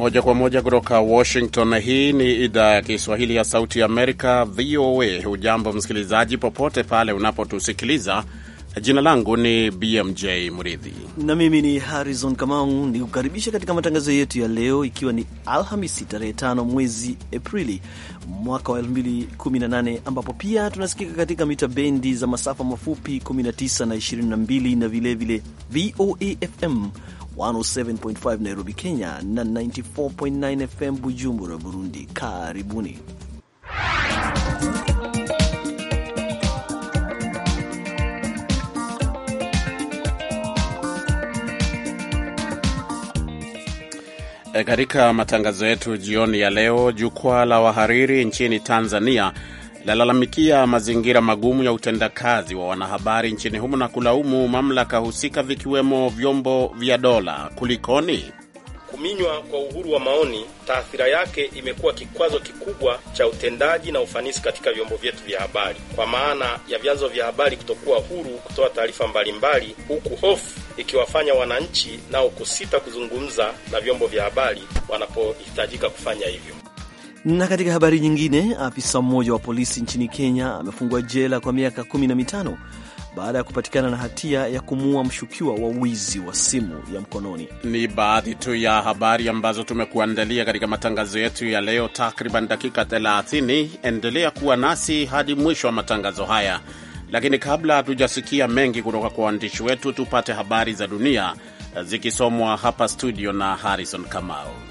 Moja kwa moja kutoka Washington. Hii ni idhaa ya Kiswahili ya Sauti ya Amerika, VOA. Hujambo msikilizaji, popote pale unapotusikiliza. Jina langu ni BMJ Mridhi na mimi ni Harrison Kamau, ni kukaribisha katika matangazo yetu ya leo, ikiwa ni Alhamisi tarehe 5 mwezi Aprili mwaka wa 2018 ambapo pia tunasikika katika mita bendi za masafa mafupi 19 na 22 na vilevile VOA FM 107.5 Nairobi, Kenya na 94.9 FM Bujumbura, Burundi. Karibuni. E, katika matangazo yetu jioni ya leo, jukwaa la wahariri nchini Tanzania lalalamikia mazingira magumu ya utendakazi wa wanahabari nchini humo na kulaumu mamlaka husika vikiwemo vyombo vya dola. Kulikoni? Kuminywa kwa uhuru wa maoni, taathira yake imekuwa kikwazo kikubwa cha utendaji na ufanisi katika vyombo vyetu vya habari, kwa maana ya vyanzo vya habari kutokuwa huru kutoa taarifa mbalimbali, huku hofu ikiwafanya wananchi nao kusita kuzungumza na vyombo vya habari wanapohitajika kufanya hivyo. Na katika habari nyingine, afisa mmoja wa polisi nchini Kenya amefungwa jela kwa miaka kumi na mitano baada ya kupatikana na hatia ya kumuua mshukiwa wa wizi wa simu ya mkononi. Ni baadhi tu ya habari ambazo tumekuandalia katika matangazo yetu ya leo, takriban dakika 30. Endelea kuwa nasi hadi mwisho wa matangazo haya, lakini kabla hatujasikia mengi kutoka kwa waandishi wetu, tupate habari za dunia zikisomwa hapa studio na Harrison Kamau.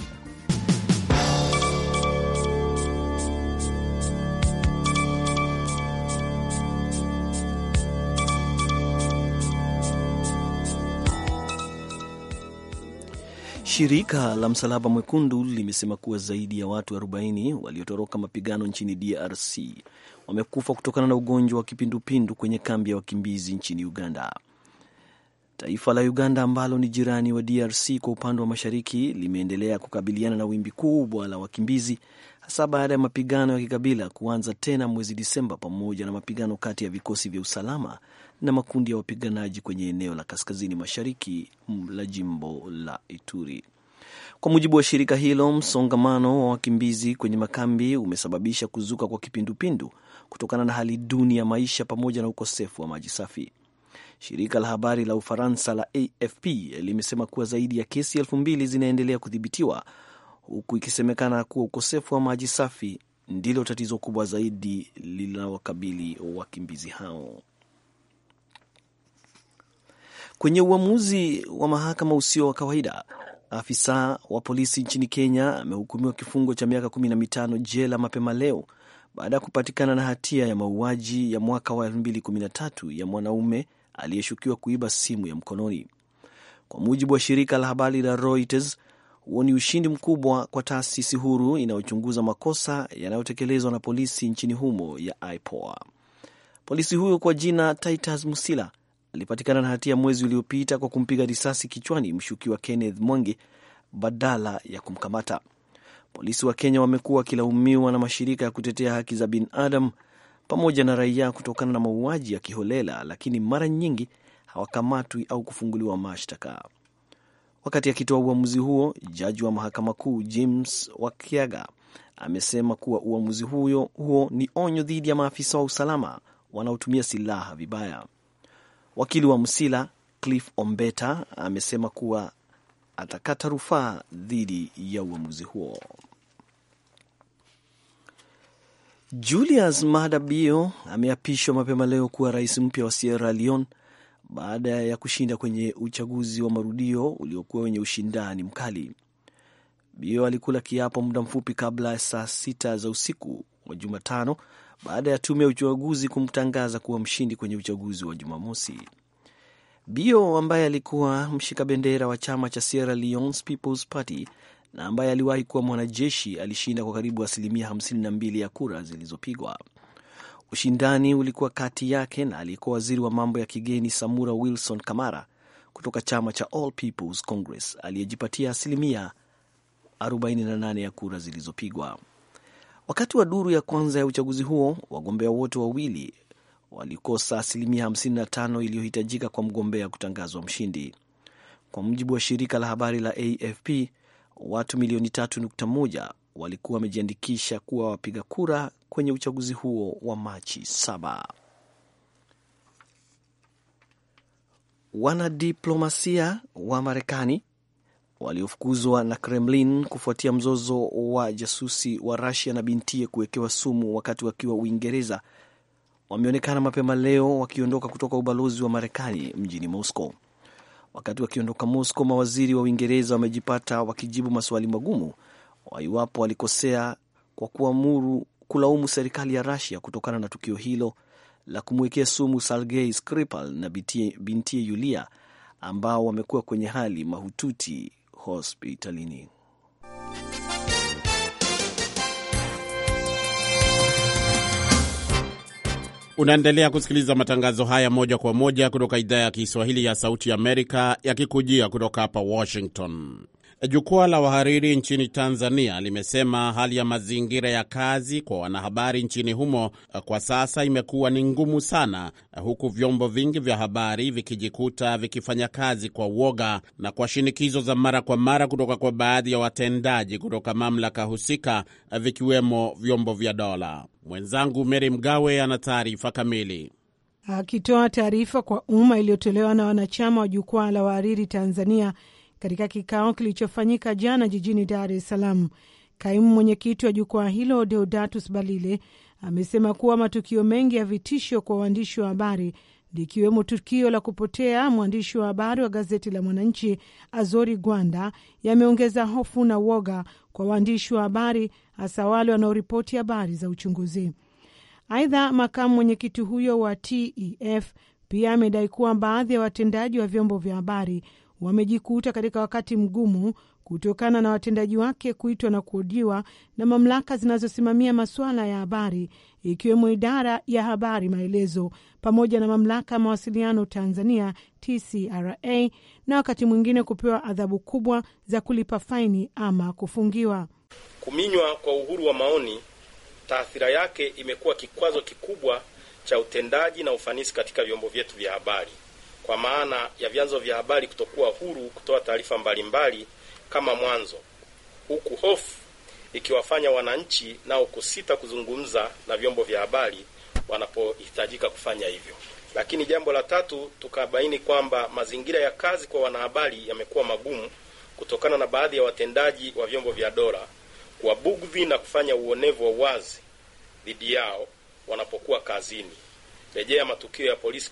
Shirika la Msalaba Mwekundu limesema kuwa zaidi ya watu 40 waliotoroka mapigano nchini DRC wamekufa kutokana na ugonjwa wa kipindupindu kwenye kambi ya wakimbizi nchini Uganda. Taifa la Uganda ambalo ni jirani wa DRC kwa upande wa mashariki limeendelea kukabiliana na wimbi kubwa la wakimbizi hasa baada ya mapigano ya kikabila kuanza tena mwezi Disemba, pamoja na mapigano kati ya vikosi vya usalama na makundi ya wapiganaji kwenye eneo la kaskazini mashariki la jimbo la Ituri. Kwa mujibu wa shirika hilo, msongamano wa wakimbizi kwenye makambi umesababisha kuzuka kwa kipindupindu kutokana na hali duni ya maisha pamoja na ukosefu wa maji safi. Shirika la habari la Ufaransa la AFP limesema kuwa zaidi ya kesi elfu mbili zinaendelea kudhibitiwa huku ikisemekana kuwa ukosefu wa maji safi ndilo tatizo kubwa zaidi linalowakabili wakimbizi hao. Kwenye uamuzi wa mahakama usio wa kawaida, afisa wa polisi nchini Kenya amehukumiwa kifungo cha miaka kumi na mitano jela mapema leo baada ya kupatikana na hatia ya mauaji ya mwaka wa 2013 ya mwanaume aliyeshukiwa kuiba simu ya mkononi. Kwa mujibu wa shirika la habari la Reuters, huo ni ushindi mkubwa kwa taasisi huru inayochunguza makosa yanayotekelezwa na polisi nchini humo ya IPOA. Polisi huyo kwa jina Titus Musila alipatikana na hatia mwezi uliopita kwa kumpiga risasi kichwani mshukiwa Kenneth Mwangi badala ya kumkamata. Polisi wa Kenya wamekuwa wakilaumiwa na mashirika ya kutetea haki za binadamu pamoja na raia kutokana na mauaji ya kiholela, lakini mara nyingi hawakamatwi au kufunguliwa mashtaka. Wakati akitoa uamuzi huo, jaji wa mahakama kuu James Wakiaga amesema kuwa uamuzi huo huo ni onyo dhidi ya maafisa wa usalama wanaotumia silaha vibaya. Wakili wa Msila Cliff Ombeta amesema kuwa atakata rufaa dhidi ya uamuzi huo. Julius Maada Bio ameapishwa mapema leo kuwa rais mpya wa Sierra Leone baada ya kushinda kwenye uchaguzi wa marudio uliokuwa wenye ushindani mkali. Bio alikula kiapo muda mfupi kabla ya saa sita za usiku wa Jumatano baada ya tume ya uchaguzi kumtangaza kuwa mshindi kwenye uchaguzi wa Jumamosi. Bio ambaye alikuwa mshika bendera wa chama cha Sierra Leone People's Party na ambaye aliwahi kuwa mwanajeshi alishinda kwa karibu asilimia 52 ya kura zilizopigwa. Ushindani ulikuwa kati yake na aliyekuwa waziri wa mambo ya kigeni Samura Wilson Kamara kutoka chama cha All People's Congress aliyejipatia asilimia 48 ya kura zilizopigwa. Wakati wa duru ya kwanza ya uchaguzi huo, wagombea wote wawili walikosa asilimia 55 iliyohitajika kwa mgombea kutangazwa mshindi. Kwa mujibu wa shirika la habari la AFP, watu milioni 3.1 walikuwa wamejiandikisha kuwa wapiga kura kwenye uchaguzi huo wa Machi 7. Wanadiplomasia wa Marekani waliofukuzwa na Kremlin kufuatia mzozo wa jasusi wa Rusia na bintie kuwekewa sumu wakati wakiwa Uingereza wameonekana mapema leo wakiondoka kutoka ubalozi wa Marekani mjini Moscow. Wakati wakiondoka Moscow, mawaziri wa Uingereza wamejipata wakijibu maswali magumu waiwapo walikosea kwa kuamuru kulaumu serikali ya Rusia kutokana na tukio hilo la kumwekea sumu Sergei Skripal na bintie Yulia ambao wamekuwa kwenye hali mahututi hospitalini. Unaendelea kusikiliza matangazo haya moja kwa moja kutoka idhaa ya Kiswahili ya Sauti ya Amerika, yakikujia kutoka hapa Washington. Jukwaa la wahariri nchini Tanzania limesema hali ya mazingira ya kazi kwa wanahabari nchini humo kwa sasa imekuwa ni ngumu sana, huku vyombo vingi vya habari vikijikuta vikifanya kazi kwa uoga na kwa shinikizo za mara kwa mara kutoka kwa baadhi ya watendaji kutoka mamlaka husika, vikiwemo vyombo vya dola. Mwenzangu Meri Mgawe ana taarifa kamili. Akitoa taarifa kwa umma iliyotolewa na wanachama wa jukwaa la wahariri Tanzania katika kikao kilichofanyika jana jijini Dar es Salaam. Kaimu mwenyekiti wa jukwaa hilo Deodatus Balile amesema kuwa matukio mengi ya vitisho kwa waandishi wa habari likiwemo tukio la kupotea mwandishi wa habari wa gazeti la Mwananchi Azori Gwanda yameongeza hofu na woga kwa waandishi wa habari, hasa wale wanaoripoti habari za uchunguzi. Aidha, makamu mwenyekiti huyo wa TEF pia amedai kuwa baadhi ya watendaji wa vyombo vya habari wamejikuta katika wakati mgumu kutokana na watendaji wake kuitwa na kuhojiwa na mamlaka zinazosimamia masuala ya habari ikiwemo idara ya habari maelezo pamoja na mamlaka ya mawasiliano Tanzania TCRA, na wakati mwingine kupewa adhabu kubwa za kulipa faini ama kufungiwa. Kuminywa kwa uhuru wa maoni, taathira yake imekuwa kikwazo kikubwa cha utendaji na ufanisi katika vyombo vyetu vya habari kwa maana ya vyanzo vya habari kutokuwa huru kutoa taarifa mbalimbali kama mwanzo, huku hofu ikiwafanya wananchi nao kusita kuzungumza na vyombo vya habari wanapohitajika kufanya hivyo. Lakini jambo la tatu, tukabaini kwamba mazingira ya kazi kwa wanahabari yamekuwa magumu kutokana na baadhi ya watendaji wa vyombo vya dola kuwabugudhi na kufanya uonevu wa wazi dhidi yao wanapokuwa kazini rejea matukio ya polisi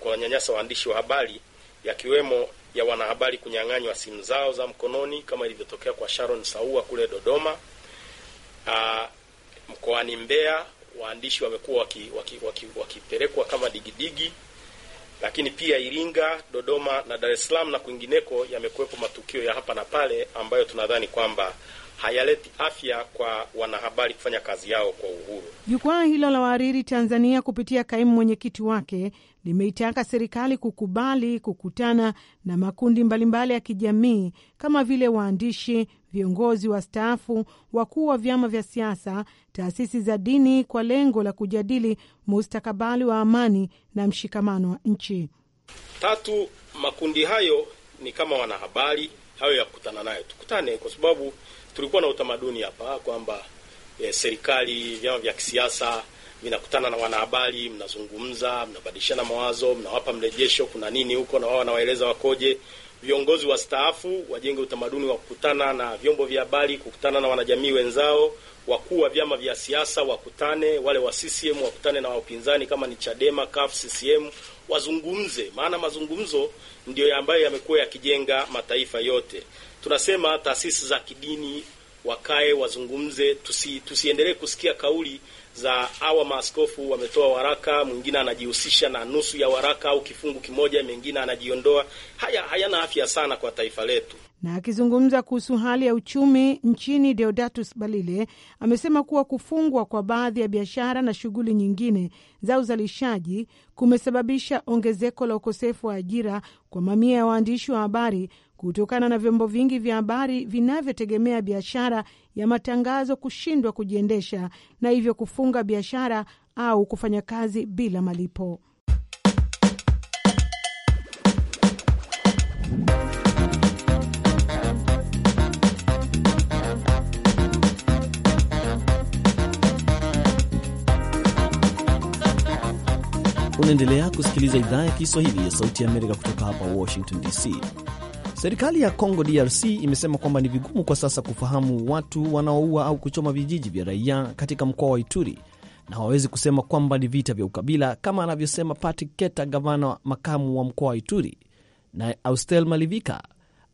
kuwanyanyasa waandishi wa habari yakiwemo ya wanahabari kunyang'anywa simu zao za mkononi kama ilivyotokea kwa Sharon Saua kule Dodoma. Uh, mkoani Mbeya waandishi wamekuwa wakipelekwa waki, waki, waki kama digidigi, lakini pia Iringa, Dodoma na Dar es Salaam na kwingineko yamekuwepo matukio ya hapa na pale ambayo tunadhani kwamba hayaleti afya kwa wanahabari kufanya kazi yao kwa uhuru. Jukwaa hilo la wahariri Tanzania kupitia kaimu mwenyekiti wake limeitaka serikali kukubali kukutana na makundi mbalimbali ya kijamii kama vile waandishi, viongozi wastaafu, wakuu wa vyama vya siasa, taasisi za dini kwa lengo la kujadili mustakabali wa amani na mshikamano wa nchi. Tatu, makundi hayo ni kama wanahabari hayo ya kukutana nayo, tukutane kwa sababu tulikuwa na utamaduni hapa kwamba e, serikali, vyama vya kisiasa vinakutana na wanahabari, mnazungumza, mnabadilishana mawazo, mnawapa mrejesho, kuna nini huko, na wao wanawaeleza wakoje. Viongozi wastaafu wajenge utamaduni wa kukutana na vyombo vya habari, kukutana na wanajamii wenzao. Wakuu wa vyama vya siasa wakutane, wale wa CCM wakutane na wapinzani, kama ni Chadema, CUF, CCM wazungumze, maana mazungumzo ndiyo ambayo yamekuwa yakijenga mataifa yote. Tunasema taasisi za kidini wakae wazungumze, tusi, tusiendelee kusikia kauli za awa maaskofu wametoa waraka, mwingine anajihusisha na nusu ya waraka au kifungu kimoja, mengine anajiondoa. Haya hayana afya sana kwa taifa letu. Na akizungumza kuhusu hali ya uchumi nchini, Deodatus Balile amesema kuwa kufungwa kwa baadhi ya biashara na shughuli nyingine za uzalishaji kumesababisha ongezeko la ukosefu wa ajira kwa mamia ya waandishi wa habari kutokana na vyombo vingi vya habari vinavyotegemea biashara ya matangazo kushindwa kujiendesha na hivyo kufunga biashara au kufanya kazi bila malipo. Unaendelea kusikiliza idhaa ya Kiswahili ya Sauti ya Amerika kutoka hapa Washington DC. Serikali ya Congo DRC imesema kwamba ni vigumu kwa sasa kufahamu watu wanaoua au kuchoma vijiji vya raia katika mkoa wa Ituri na hawawezi kusema kwamba ni vita vya ukabila kama anavyosema Patrick Keta, gavana makamu wa mkoa wa Ituri. Naye Austel Malivika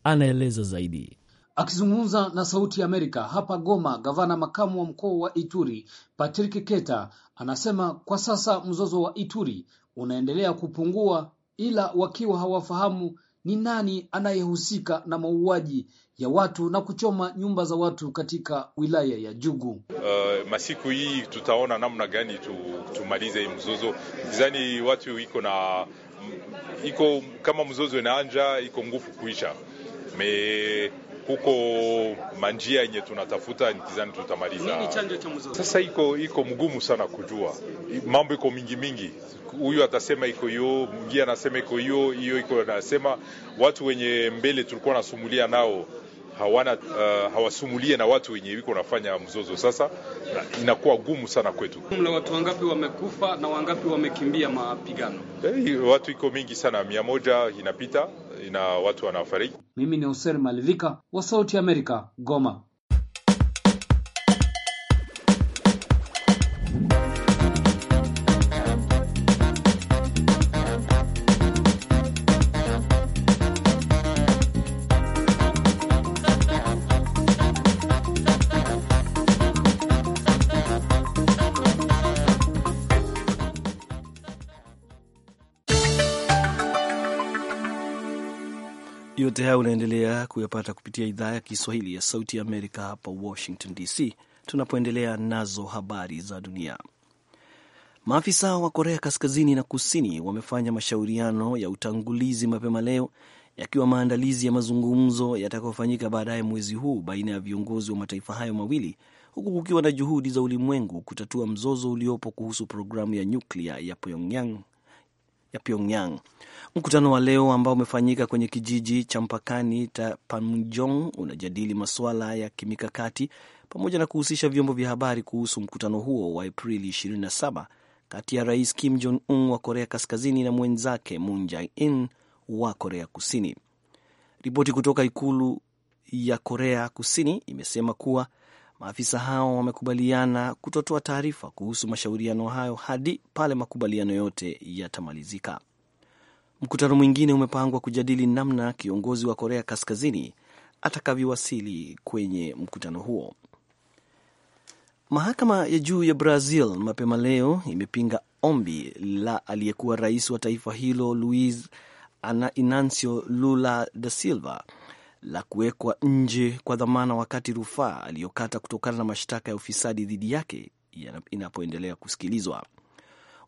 anaeleza zaidi. Akizungumza na Sauti ya Amerika hapa Goma, gavana makamu wa mkoa wa Ituri Patrick Keta anasema kwa sasa mzozo wa Ituri unaendelea kupungua ila wakiwa hawafahamu ni nani anayehusika na mauaji ya watu na kuchoma nyumba za watu katika wilaya ya Jugu. Uh, masiku hii tutaona namna gani tu, tumalize hii mzozo. Kizani watu iko na iko kama mzozo inaanja iko nguvu kuisha me kuko manjia yenye tunatafuta, nikizani tutamaliza. Sasa iko iko mgumu sana kujua, mambo iko mingi mingi. Huyu atasema iko hiyo, mwingine anasema iko hiyo hiyo, iko anasema watu wenye mbele tulikuwa nasumulia nao hawana uh, hawasumulie na watu wenye wiko nafanya mzozo sasa, na inakuwa gumu sana kwetu. Mla watu wangapi wamekufa na wangapi wamekimbia mapigano? Hey, eh, watu iko mingi sana, mia moja inapita ina watu wanaofariki. Mimi ni Hussein Malivika wa Sauti Amerika, Goma. Yote haya unaendelea kuyapata kupitia idhaa ya Kiswahili ya Sauti ya Amerika hapa Washington DC, tunapoendelea nazo habari za dunia. Maafisa wa Korea Kaskazini na Kusini wamefanya mashauriano ya utangulizi mapema leo yakiwa maandalizi ya mazungumzo yatakayofanyika baadaye mwezi huu baina ya viongozi wa mataifa hayo mawili huku kukiwa na juhudi za ulimwengu kutatua mzozo uliopo kuhusu programu ya nyuklia ya Pyongyang ya Pyongyang. Mkutano wa leo ambao umefanyika kwenye kijiji cha mpakani cha Panmunjom unajadili masuala ya kimikakati pamoja na kuhusisha vyombo vya habari kuhusu mkutano huo wa Aprili 27 kati ya Rais Kim Jong Un wa Korea Kaskazini na mwenzake Moon Jae-in wa Korea Kusini. Ripoti kutoka ikulu ya Korea Kusini imesema kuwa Maafisa hao wamekubaliana kutotoa taarifa kuhusu mashauriano hayo hadi pale makubaliano yote yatamalizika. Mkutano mwingine umepangwa kujadili namna kiongozi wa Korea Kaskazini atakavyowasili kwenye mkutano huo. Mahakama ya juu ya Brazil mapema leo imepinga ombi la aliyekuwa rais wa taifa hilo Luiz inancio Lula da Silva la kuwekwa nje kwa dhamana wakati rufaa aliyokata kutokana na mashtaka ya ufisadi dhidi yake inapoendelea kusikilizwa.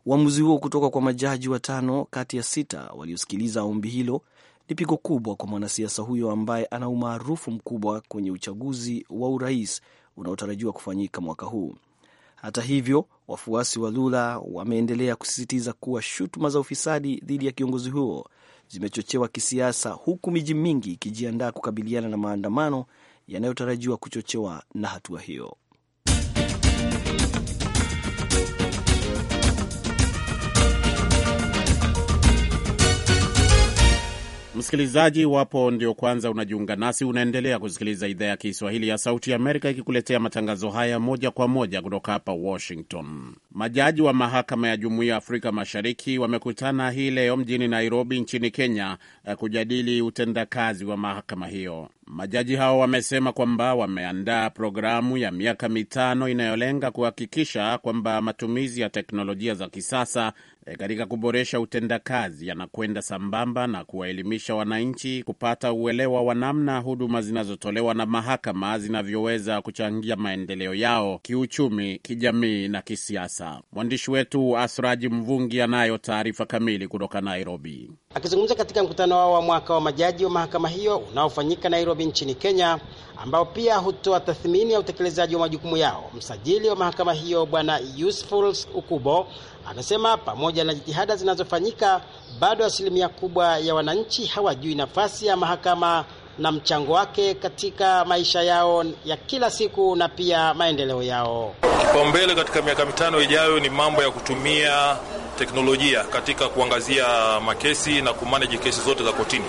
Uamuzi huo kutoka kwa majaji watano kati ya sita waliosikiliza ombi hilo ni pigo kubwa kwa mwanasiasa huyo ambaye ana umaarufu mkubwa kwenye uchaguzi wa urais unaotarajiwa kufanyika mwaka huu. Hata hivyo, wafuasi wa Lula wameendelea kusisitiza kuwa shutuma za ufisadi dhidi ya kiongozi huo zimechochewa kisiasa, huku miji mingi ikijiandaa kukabiliana na maandamano yanayotarajiwa kuchochewa na hatua hiyo. Msikilizaji wapo ndio kwanza unajiunga nasi, unaendelea kusikiliza idhaa ya Kiswahili ya Sauti Amerika ikikuletea matangazo haya moja kwa moja kutoka hapa Washington. Majaji wa Mahakama ya Jumuiya ya Afrika Mashariki wamekutana hii leo mjini Nairobi nchini Kenya eh, kujadili utendakazi wa mahakama hiyo. Majaji hao wamesema kwamba wameandaa programu ya miaka mitano inayolenga kuhakikisha kwamba matumizi ya teknolojia za kisasa e, katika kuboresha utendakazi yanakwenda sambamba na kuwaelimisha wananchi kupata uelewa wa namna huduma zinazotolewa na mahakama zinavyoweza kuchangia maendeleo yao kiuchumi, kijamii na kisiasa. Mwandishi wetu Asraji Mvungi anayo taarifa kamili kutoka Nairobi. Akizungumza katika mkutano wao wa mwaka wa majaji wa mahakama hiyo unaofanyika Nairobi Nairobi nchini Kenya, ambao pia hutoa tathmini ya utekelezaji wa majukumu yao. Msajili wa mahakama hiyo Bwana Useful Ukubo amesema pamoja na jitihada zinazofanyika, bado asilimia kubwa ya wananchi hawajui nafasi ya mahakama na mchango wake katika maisha yao ya kila siku na pia maendeleo yao. Kipaumbele katika miaka mitano ijayo ni mambo ya kutumia teknolojia katika kuangazia makesi na kumanage kesi zote za kotini.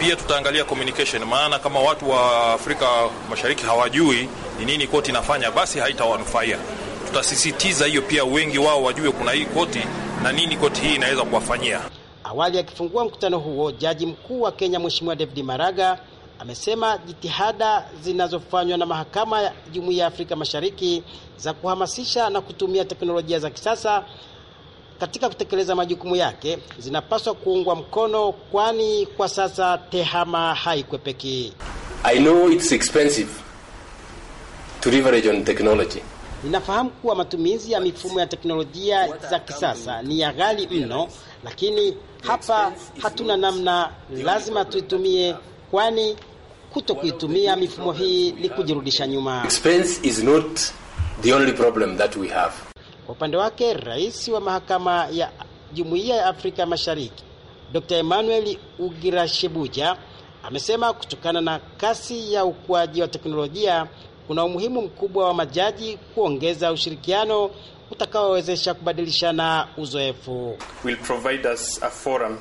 Pia tutaangalia communication, maana kama watu wa Afrika Mashariki hawajui ni nini koti inafanya, basi haitawanufaia. Tutasisitiza hiyo pia, wengi wao wajue kuna hii koti na nini koti hii inaweza kuwafanyia. Awali akifungua mkutano huo, jaji mkuu wa Kenya Mheshimiwa David Maraga amesema jitihada zinazofanywa na mahakama ya Jumuiya ya Afrika Mashariki za kuhamasisha na kutumia teknolojia za kisasa katika kutekeleza majukumu yake zinapaswa kuungwa mkono, kwani kwa sasa tehama haikwepeki. I know it's expensive to leverage on technology. Ninafahamu kuwa matumizi ya mifumo ya teknolojia za kisasa ni ya ghali mno, lakini hapa hatuna namna, lazima tuitumie, kwani kuto kuitumia mifumo hii ni kujirudisha nyuma. Expense is not the only problem that we have. Kwa upande wake, rais wa mahakama ya Jumuiya ya Afrika Mashariki Dr. Emmanuel Ugirashebuja amesema kutokana na kasi ya ukuaji wa teknolojia kuna umuhimu mkubwa wa majaji kuongeza ushirikiano utakaowezesha kubadilishana uzoefu. Will provide us a forum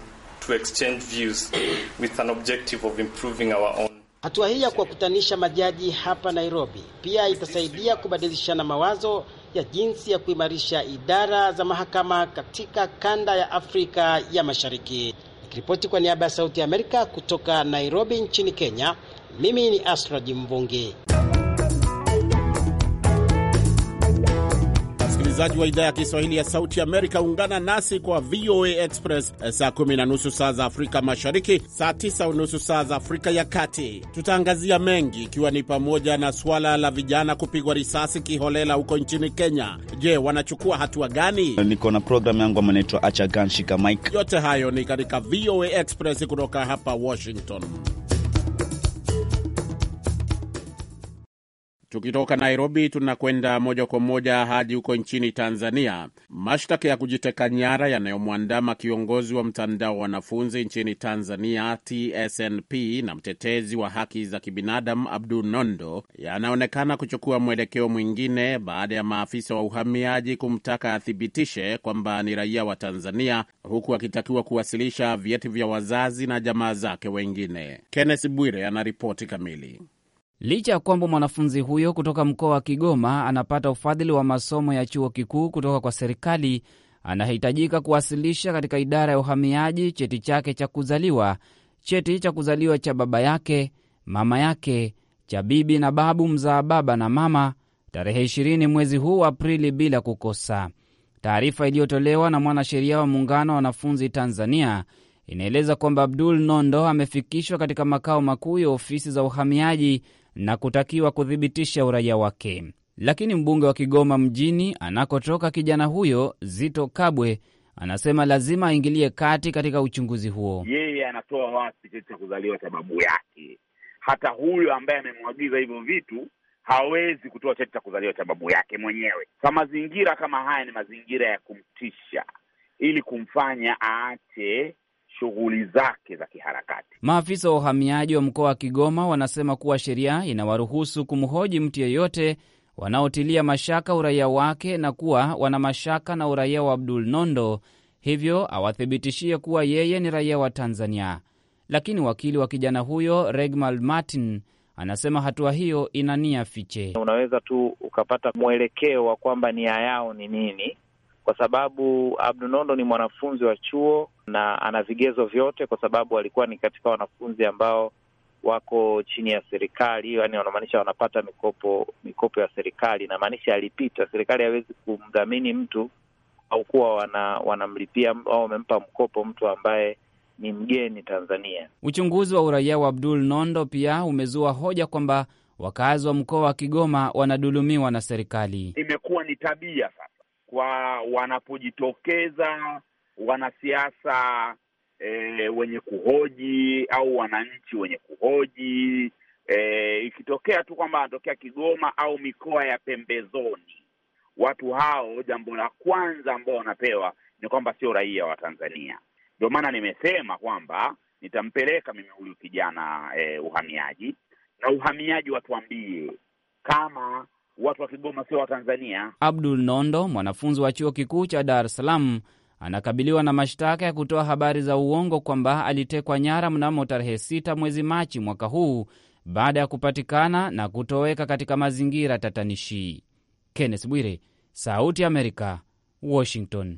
to exchange views with an objective of improving our own. Hatua hii ya kuwakutanisha majaji hapa Nairobi pia itasaidia kubadilishana mawazo ya jinsi ya kuimarisha idara za mahakama katika kanda ya Afrika ya Mashariki. Nikiripoti kwa niaba ya Sauti ya Amerika kutoka Nairobi nchini Kenya, mimi ni Asraji Mvungi. msikilizaji wa idhaa ya Kiswahili ya Sauti Amerika, ungana nasi kwa VOA Express saa kumi na nusu saa za Afrika Mashariki, saa tisa unusu saa za Afrika ya Kati. Tutaangazia mengi, ikiwa ni pamoja na suala la vijana kupigwa risasi kiholela huko nchini Kenya. Je, wanachukua hatua gani? Niko na programu yangu ambayo inaitwa Acha Mike. Yote hayo ni katika VOA Express kutoka hapa Washington. Tukitoka Nairobi tunakwenda moja kwa moja hadi huko nchini Tanzania. Mashtaka ya kujiteka nyara yanayomwandama kiongozi wa mtandao wa wanafunzi nchini Tanzania TSNP na mtetezi wa haki za kibinadamu Abdu Nondo yanaonekana kuchukua mwelekeo mwingine baada ya maafisa wa uhamiaji kumtaka athibitishe kwamba ni raia wa Tanzania, huku akitakiwa kuwasilisha vyeti vya wazazi na jamaa zake wengine. Kenneth Bwire anaripoti kamili licha ya kwamba mwanafunzi huyo kutoka mkoa wa Kigoma anapata ufadhili wa masomo ya chuo kikuu kutoka kwa serikali, anahitajika kuwasilisha katika idara ya uhamiaji cheti chake cha kuzaliwa, cheti cha kuzaliwa cha baba yake, mama yake, cha bibi na babu mzaa baba na mama, tarehe 20 mwezi huu wa Aprili bila kukosa. Taarifa iliyotolewa na mwanasheria wa muungano wa wanafunzi Tanzania inaeleza kwamba Abdul Nondo amefikishwa katika makao makuu ya ofisi za uhamiaji na kutakiwa kuthibitisha uraia wake. Lakini mbunge wa Kigoma mjini anakotoka kijana huyo Zito Kabwe anasema lazima aingilie kati katika uchunguzi huo. Yeye anatoa wasi cheti cha kuzaliwa cha babu yake? Hata huyo ambaye amemwagiza hivyo vitu hawezi kutoa cheti cha kuzaliwa cha babu yake mwenyewe. Sa mazingira kama haya ni mazingira ya kumtisha, ili kumfanya aache shughuli zake za kiharakati. Maafisa wa uhamiaji wa mkoa wa Kigoma wanasema kuwa sheria inawaruhusu kumhoji mtu yeyote wanaotilia mashaka uraia wake na kuwa wana mashaka na uraia wa Abdul Nondo, hivyo awathibitishie kuwa yeye ni raia wa Tanzania. Lakini wakili wa kijana huyo Regmal Martin anasema hatua hiyo ina nia fiche. Unaweza tu ukapata mwelekeo wa kwamba nia yao ni nini kwa sababu Abdunondo ni mwanafunzi wa chuo na ana vigezo vyote, kwa sababu alikuwa ni katika wanafunzi ambao wako chini ya serikali, yaani wanamaanisha wanapata mikopo mikopo ya serikali. Inamaanisha alipita, serikali hawezi kumdhamini mtu au kuwa wana, wanamlipia au wamempa mkopo mtu ambaye ni mgeni Tanzania. Uchunguzi wa uraia wa Abdul Nondo pia umezua hoja kwamba wakazi wa mkoa wa Kigoma wanadulumiwa na serikali. Imekuwa ni tabia sasa kwa wanapojitokeza wanasiasa e, wenye kuhoji au wananchi wenye kuhoji e, ikitokea tu kwamba wanatokea Kigoma au mikoa ya pembezoni, watu hao jambo la kwanza ambao wanapewa ni kwamba sio raia wa Tanzania. Ndio maana nimesema kwamba nitampeleka mimi huyu kijana e, uhamiaji na uhamiaji watuambie kama watu wa Kigoma sio Watanzania. Abdul Nondo, mwanafunzi wa chuo kikuu cha Dar es Salaam, anakabiliwa na mashtaka ya kutoa habari za uongo kwamba alitekwa nyara mnamo tarehe sita mwezi Machi mwaka huu baada ya kupatikana na kutoweka katika mazingira tatanishi. Kenneth Bwire, Sauti ya Amerika, Washington.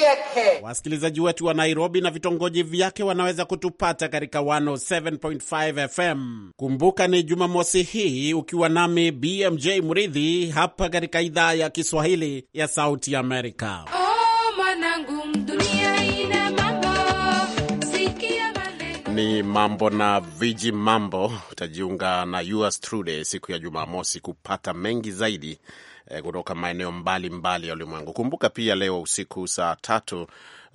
vyake. Wasikilizaji wetu wa Nairobi na vitongoji vyake wanaweza kutupata katika 107.5 FM. Kumbuka ni Jumamosi hii ukiwa nami BMJ Mridhi hapa katika idhaa ya Kiswahili ya Sauti Amerika. Oh, ni mambo na viji mambo. Utajiunga na yours truly siku ya Jumamosi kupata mengi zaidi Eh, kutoka maeneo mbalimbali ya ulimwengu. Kumbuka pia leo usiku saa tatu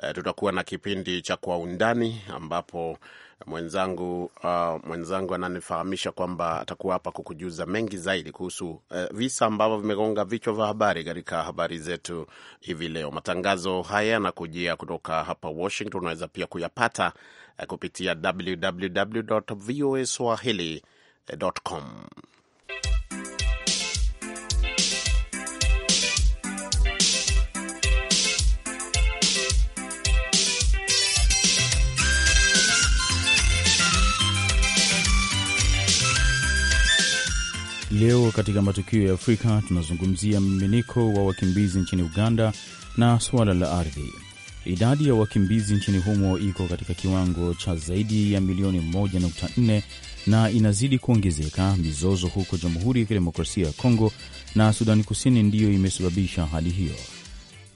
eh, tutakuwa na kipindi cha Kwa Undani ambapo mwenzangu uh, mwenzangu ananifahamisha kwamba atakuwa hapa kukujuza mengi zaidi kuhusu uh, visa ambavyo vimegonga vichwa vya habari katika habari zetu hivi leo. Matangazo haya yanakujia kutoka hapa Washington. Unaweza pia kuyapata uh, kupitia www Leo katika matukio ya Afrika tunazungumzia mmiminiko wa wakimbizi nchini Uganda na suala la ardhi. Idadi ya wakimbizi nchini humo iko katika kiwango cha zaidi ya milioni 1.4 na inazidi kuongezeka. Mizozo huko Jamhuri ya Kidemokrasia ya Kongo na Sudani Kusini ndiyo imesababisha hali hiyo.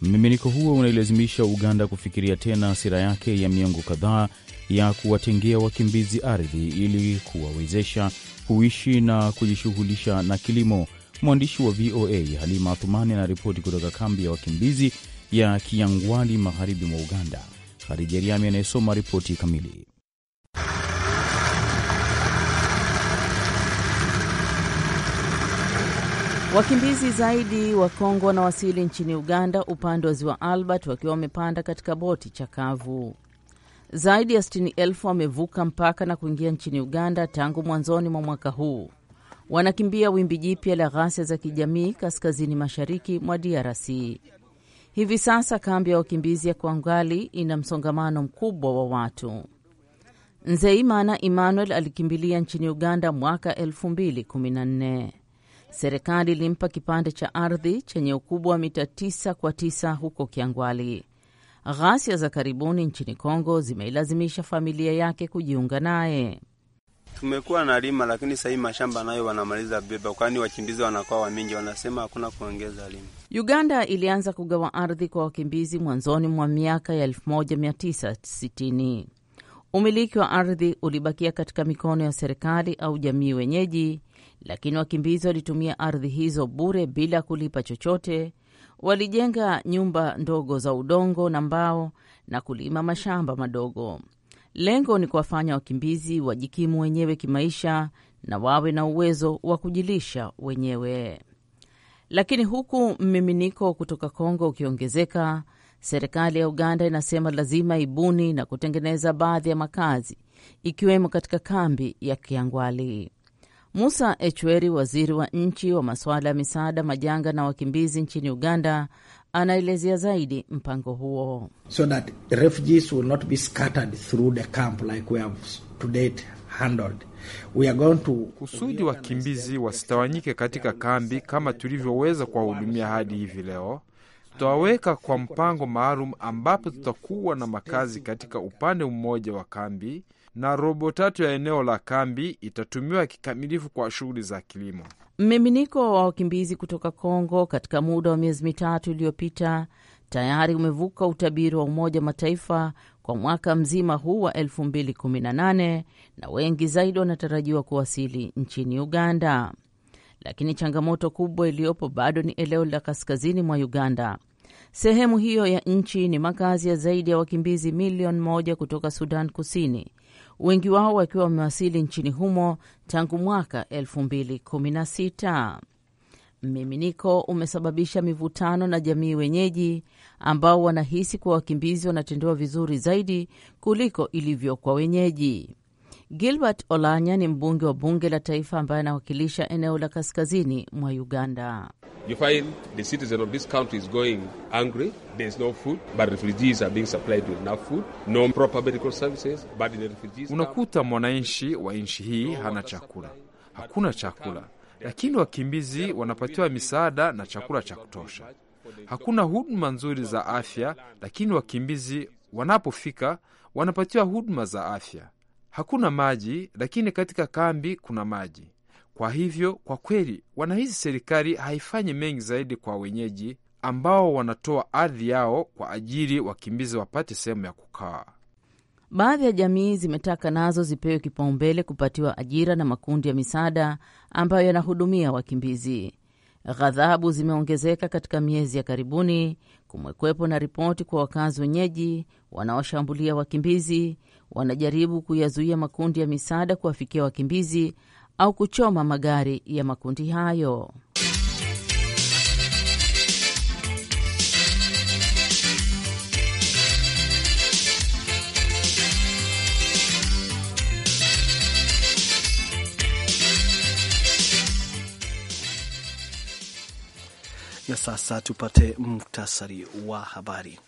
Mmiminiko huo unailazimisha Uganda kufikiria tena sera yake ya miongo kadhaa ya kuwatengea wakimbizi ardhi ili kuwawezesha kuishi na kujishughulisha na kilimo. Mwandishi wa VOA Halima Athumani anaripoti kutoka kambi ya wakimbizi ya Kiangwali, magharibi mwa Uganda. Khadija Riami anayesoma ripoti kamili. Wakimbizi zaidi wa Kongo wanawasili nchini Uganda upande wa ziwa Albert wakiwa wamepanda katika boti chakavu. Zaidi ya sitini elfu wamevuka mpaka na kuingia nchini Uganda tangu mwanzoni mwa mwaka huu. Wanakimbia wimbi jipya la ghasia za kijamii kaskazini mashariki mwa DRC. Hivi sasa kambi ya wakimbizi ya Kwangali ina msongamano mkubwa wa watu. Nzeimana Emmanuel alikimbilia nchini Uganda mwaka 2014. Serikali ilimpa kipande cha ardhi chenye ukubwa wa mita tisa kwa tisa huko Kiangwali. Ghasia za karibuni nchini Kongo zimeilazimisha familia yake kujiunga naye. Tumekuwa na lima, lakini sahii mashamba nayo wanamaliza beba, kwani wakimbizi wanakuwa wamingi, wanasema hakuna kuongeza lima. Uganda ilianza kugawa ardhi kwa wakimbizi mwanzoni mwa miaka ya 1960. Umiliki wa ardhi ulibakia katika mikono ya serikali au jamii wenyeji lakini wakimbizi walitumia ardhi hizo bure bila kulipa chochote. Walijenga nyumba ndogo za udongo na mbao na kulima mashamba madogo. Lengo ni kuwafanya wakimbizi wajikimu wenyewe kimaisha na wawe na uwezo wa kujilisha wenyewe. Lakini huku mmiminiko kutoka Kongo ukiongezeka, serikali ya Uganda inasema lazima ibuni na kutengeneza baadhi ya makazi, ikiwemo katika kambi ya Kiangwali. Musa Echweri, waziri wa nchi wa masuala ya misaada, majanga na wakimbizi nchini Uganda, anaelezea zaidi mpango huo. So that refugees will not be scattered through the camp like we have to date handled. We are going to... kusudi wakimbizi wasitawanyike katika kambi kama tulivyoweza kuwahudumia hadi hivi leo tutawaweka kwa mpango maalum ambapo tutakuwa na makazi katika upande mmoja wa kambi na robo tatu ya eneo la kambi itatumiwa kikamilifu kwa shughuli za kilimo. Mmiminiko wa wakimbizi kutoka Kongo katika muda wa miezi mitatu iliyopita tayari umevuka utabiri wa Umoja Mataifa kwa mwaka mzima huu wa 2018 na wengi zaidi wanatarajiwa kuwasili nchini Uganda, lakini changamoto kubwa iliyopo bado ni eneo la kaskazini mwa Uganda. Sehemu hiyo ya nchi ni makazi ya zaidi ya wakimbizi milioni moja kutoka Sudan Kusini, wengi wao wakiwa wamewasili nchini humo tangu mwaka 2016. Mmiminiko umesababisha mivutano na jamii wenyeji ambao wanahisi kuwa wakimbizi wanatendewa vizuri zaidi kuliko ilivyo kwa wenyeji. Gilbert Olanya ni mbunge wa bunge la taifa ambaye anawakilisha eneo la kaskazini mwa Uganda. You find the citizen of this country is going angry. There is no food, but refugees are being supplied with enough food. No proper medical services, but in the refugees unakuta mwananchi wa nchi hii hana chakula, hakuna chakula, lakini wakimbizi wanapatiwa misaada na chakula cha kutosha. Hakuna huduma nzuri za afya, lakini wakimbizi wanapofika wanapatiwa huduma za afya hakuna maji, lakini katika kambi kuna maji. Kwa hivyo kwa kweli wanahisi serikali haifanyi mengi zaidi kwa wenyeji ambao wanatoa ardhi yao kwa ajili wakimbizi wapate sehemu ya kukaa. Baadhi ya jamii zimetaka nazo zipewe kipaumbele kupatiwa ajira na makundi ya misaada ambayo yanahudumia wakimbizi. Ghadhabu zimeongezeka katika miezi ya karibuni kumekwepo na ripoti kwa wakazi wenyeji wanaoshambulia wakimbizi, wanajaribu kuyazuia makundi ya misaada kuwafikia wakimbizi au kuchoma magari ya makundi hayo. Na sasa tupate muktasari wa habari.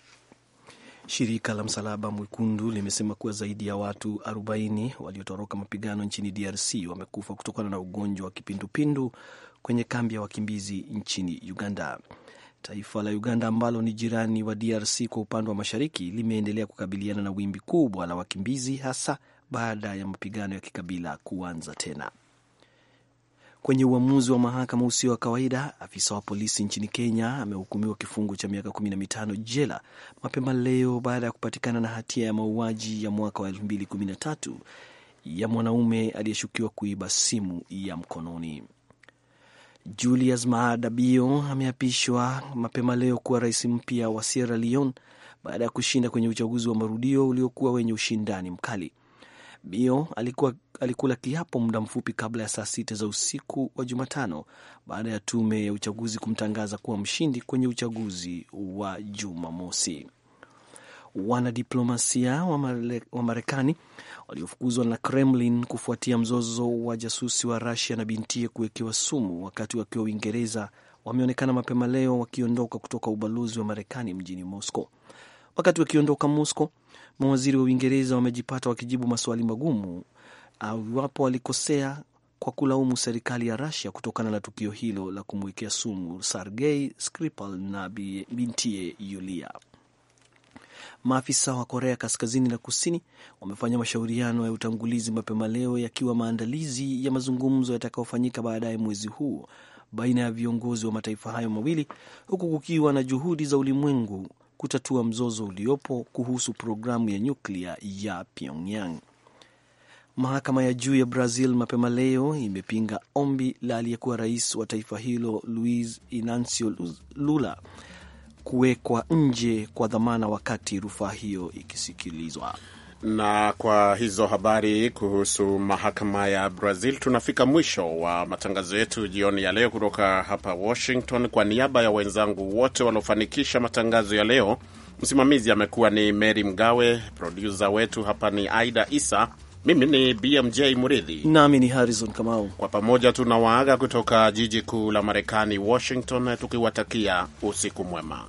Shirika la Msalaba Mwekundu limesema kuwa zaidi ya watu 40 waliotoroka mapigano nchini DRC wamekufa kutokana na ugonjwa wa kipindupindu kwenye kambi ya wakimbizi nchini Uganda. Taifa la Uganda ambalo ni jirani wa DRC kwa upande wa mashariki limeendelea kukabiliana na wimbi kubwa la wakimbizi hasa baada ya mapigano ya kikabila kuanza tena. Kwenye uamuzi wa mahakama usio wa kawaida, afisa wa polisi nchini Kenya amehukumiwa kifungo cha miaka 15 jela mapema leo baada ya kupatikana na hatia ya mauaji ya mwaka wa 2013 ya mwanaume aliyeshukiwa kuiba simu ya mkononi. Julius Maada Bio ameapishwa mapema leo kuwa rais mpya wa Sierra Leone baada ya kushinda kwenye uchaguzi wa marudio uliokuwa wenye ushindani mkali. Bio alikuwa alikula kiapo muda mfupi kabla ya saa sita za usiku wa Jumatano baada ya tume ya uchaguzi kumtangaza kuwa mshindi kwenye uchaguzi wa Jumamosi. Wanadiplomasia wa Marekani waliofukuzwa na Kremlin kufuatia mzozo wa jasusi wa Rusia na bintie kuwekewa sumu wakati wakiwa Uingereza wameonekana mapema leo wakiondoka kutoka ubalozi wa Marekani mjini Moscow. Wakati wakiondoka Moscow, mawaziri wa Uingereza wamejipata wakijibu maswali magumu au iwapo walikosea kwa kulaumu serikali ya rasia kutokana na tukio hilo la kumwekea sumu Sergei Skripal na bintie Yulia. Maafisa wa Korea Kaskazini na Kusini wamefanya mashauriano ya utangulizi mapema leo yakiwa maandalizi ya mazungumzo yatakayofanyika baadaye mwezi huu baina ya viongozi wa mataifa hayo mawili huku kukiwa na juhudi za ulimwengu kutatua mzozo uliopo kuhusu programu ya nyuklia ya Pyongyang. Mahakama ya juu ya Brazil mapema leo imepinga ombi la aliyekuwa rais wa taifa hilo Luiz Inancio Lula kuwekwa nje kwa dhamana wakati rufaa hiyo ikisikilizwa. Na kwa hizo habari kuhusu mahakama ya Brazil, tunafika mwisho wa matangazo yetu jioni ya leo kutoka hapa Washington. Kwa niaba ya wenzangu wote waliofanikisha matangazo ya leo, msimamizi amekuwa ni Mary Mgawe, produsa wetu hapa ni Aida Isa. Mimi ni BMJ Muridhi nami ni Harrison Kamau. Kwa pamoja tunawaaga kutoka jiji kuu la Marekani, Washington, tukiwatakia usiku mwema.